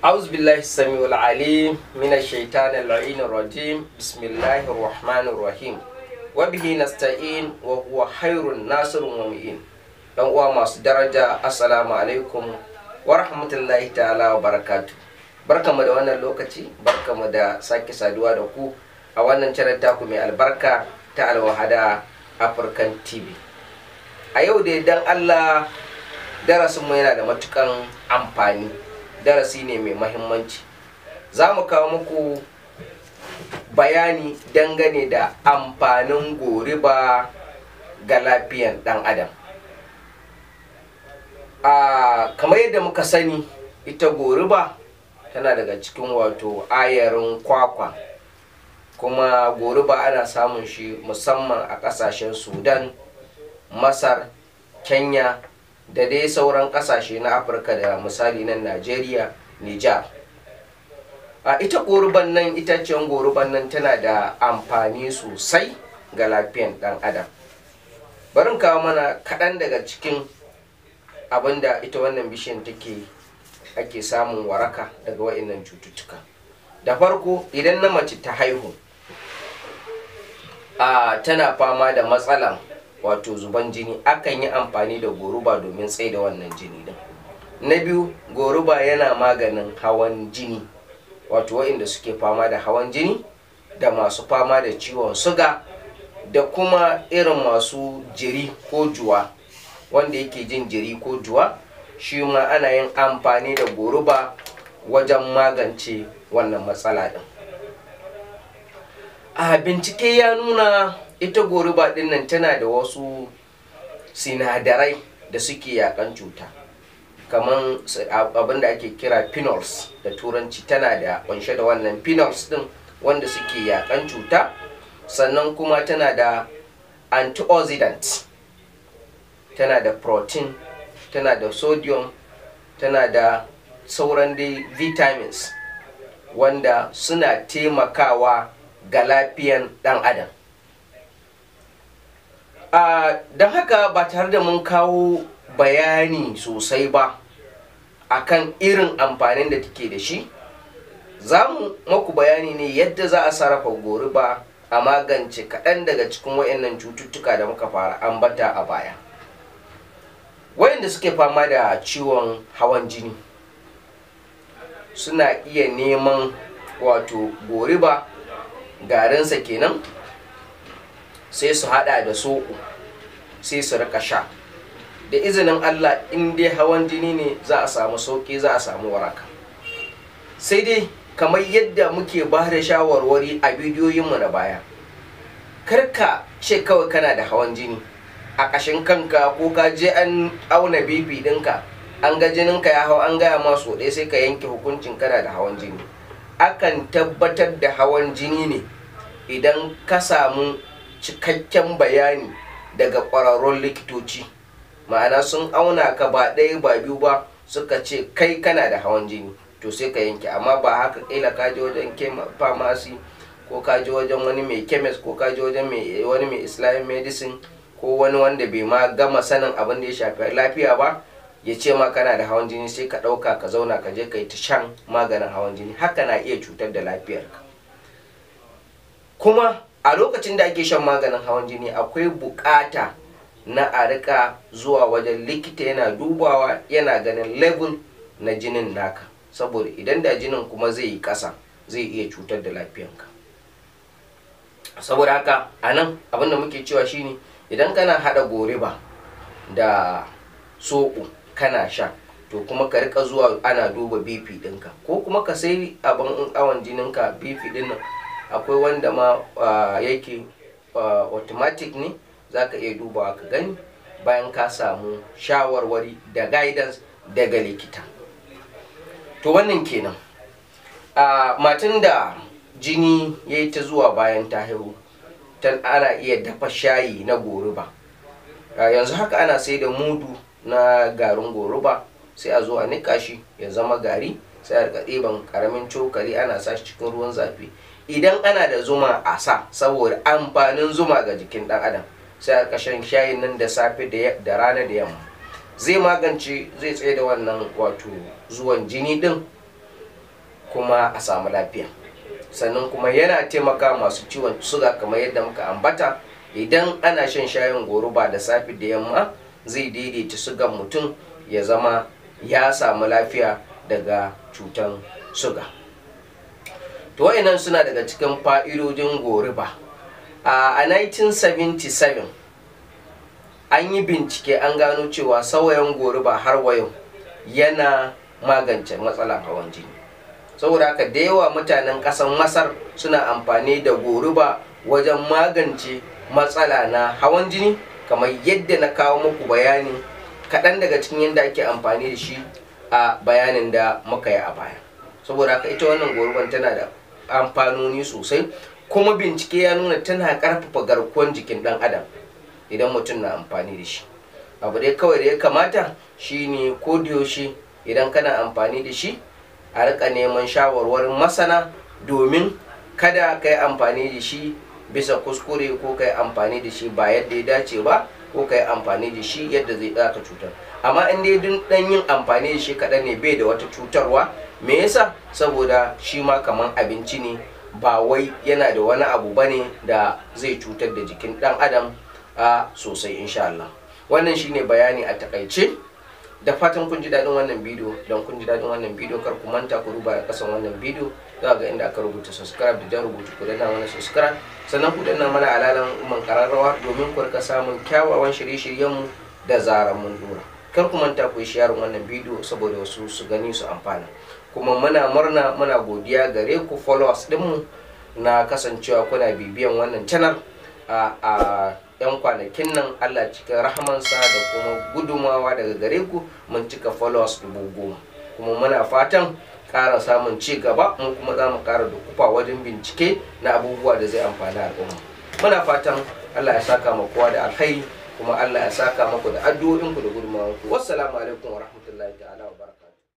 أعوذ بالله السميع العليم من الشيطان اللعين الرجيم بسم الله الرحمن الرحيم وبه نستعين وهو خير الناصر ومؤمن dan uwa masu daraja assalamu alaikum wa rahmatullahi ta'ala wa barakatu barkamu da wannan lokaci barkamu da sake saduwa da ku a wannan channel taku mai albarka ta alwahada african tv a yau dai dan allah darasinmu yana da matukan amfani darasi ne mai mahimmanci za mu kawo muku bayani dangane da amfanin goriba ga lafiyan ɗan adam a kamar yadda muka sani ita goriba tana daga cikin wato ayarin kwakwa kuma goriba ana samun shi musamman a ƙasashen sudan masar kenya da dai sauran kasashe na afirka da misali nan najeriya niger a ita goruban nan itacen goruban nan tana da amfani sosai ga lafiyan dan adam barin kawo mana kaɗan daga cikin abinda ita wannan bishiyar take ake samun waraka daga wa'innan cututtuka da farko idan na mace ta haihu a tana fama da matsalan wato zuban jini akan yi amfani da goruba domin da wannan jini din na biyu goruba yana maganin hawan jini wato waɗanda suke fama da hawan jini da masu fama da ciwon suga da kuma irin masu jiri ko juwa wanda yake jin jiri ko juwa shi ma ana yin amfani da goruba wajen magance wannan matsala din a bincike ya nuna ita goruba din nan tana da wasu sinadarai da suke yakan cuta kaman abin da ake kira phenols da turanci tana da kunshe da wannan phenols din wanda suke yakan cuta sannan kuma tana da antioxidant tana da protein tana da sodium tana da sauran dai vitamins wanda suna taimakawa ga lafiyan dan adam don haka ba tare da mun kawo bayani sosai ba akan irin amfanin da take da shi za mu maku bayani ne yadda za a sarrafa goriba a magance kaɗan daga cikin wayannan cututtuka da muka fara ambata a baya wayanda suke fama da ciwon hawan jini suna iya neman wato goriba garinsa kenan sai su hada da so sai su rika sha da izinin allah in dai hawan jini ne za a samu sauki za a samu waraka sai dai kamar yadda muke ba da shawarwari a bidiyoyinmu na baya karka ce kawai kana da hawan jini a ƙashin kanka ko ka je an auna bibi dinka, an ga jininka ya hau an gaya ma so ɗaya sai ka yanke hukuncin kana da hawan jini akan tabbatar da hawan jini ne idan ka samu cikakken bayani daga ƙwararrun likitoci ma'ana sun auna ka ba ɗaya ba biyu ba suka ce kai kana da hawan jini to sai ka yanke amma ba haka ƙila ka je wajen famasi ko ka je wajen wani mai kemis ko ka je wajen wani mai islamic medicine ko wani wanda bai ma gama sanin abin da ya shafi lafiya ba ya ce ma kana da hawan jini sai ka ɗauka ka zauna ka je ka yi ta shan maganin hawan jini haka na iya cutar da lafiyarka kuma a lokacin da ake shan maganin hawan jini akwai bukata na a rika zuwa wajen likita yana dubawa yana ganin level na jinin naka saboda idan da jinin kuma zai yi kasa zai iya cutar da lafiyanka saboda haka a nan abinda muke cewa shine idan kana hada goriba da soko kana sha to kuma ka rika zuwa ana duba bp ɗinka ko kuma ka sai abin awon jininka bp ɗin nan akwai wanda ma ah, yake ah, automatic ne za ka iya dubawa ka gani bayan ka samu shawarwari da guidance daga likita to wannan kenan a ah, matan da jini ya yi ta zuwa bayan ta haihu tan ana iya dafa shayi na goruba yanzu haka ana sai da mudu na garin goruba sai a zo a niƙa shi ya zama gari sai a rika ɗiban karamin cokali ana sa cikin ruwan zafi idan ana da zuma a sa saboda amfanin zuma ga jikin ɗan adam sai a ƙashin shayin nan da safe da rana da yamma zai magance zai tsaye da wannan wato zuwan jini ɗin kuma a samu lafiya sannan kuma yana taimaka masu ciwon suga kamar yadda muka ambata idan ana shan shayin goruba da safe da yamma zai daidaita sugan mutum ya zama ya samu lafiya daga cutan suga. to suna daga cikin fa'idojin goriba a 1977 an yi bincike an gano cewa sauyin goriba har wayo yana magance matsalar hawan jini saboda haka da yawa mutanen ƙasar masar suna amfani da goriba wajen magance matsala na hawan jini kamar yadda na kawo muku bayani kaɗan daga cikin yadda ake amfani da shi a bayanin da muka yi a baya saboda haka ita wannan goruban tana da amfanoni sosai kuma bincike ya nuna tana karfafa garkuwar jikin dan adam idan mutum na amfani da shi abu dai kawai da ya kamata shine ko da yaushe idan kana amfani da shi a rika neman shawarwarin masana domin kada ka yi amfani da shi bisa kuskure ko kai amfani da shi ba yadda ya dace ba ko kai amfani da shi yadda zai ɗaka cutar amma in dai dun ɗan yin amfani da shi kaɗan ne bai da wata cutarwa me yasa saboda shi ma kamar abinci ne ba wai yana da wani abu bane da zai cutar da jikin ɗan adam a sosai insha Allah wannan shine bayani a takaice da fatan kun ji daɗin wannan bidiyo don kun ji daɗin wannan bidiyo kar ku manta ku ruba a ƙasan wannan bidiyo za ga inda aka rubuta subscribe da jan rubutu ku danna mana subscribe sannan ku danna mana alalan umman kararrawa domin ku rika samun kyawawan shirye shiryen mu da zaran mun dora kar ku manta ku yi sharin wannan bidiyo saboda wasu su gani su amfana kuma muna murna muna godiya gare ku followers mu na kasancewa kuna bibiyan wannan channel a a yan kwanakin nan Allah cikin sa da kuma gudumawa daga gare ku mun cika followers dubu goma kuma muna fatan kara samun ci gaba mu kuma za mu ƙara dukufa wajen bincike na abubuwa da zai amfani al'umma muna fatan allah ya saka ma kowa da alkhairi kuma allah ya saka maku da addu'o'inku da gudunmawanku wassalamu alaikum wa ta'ala wa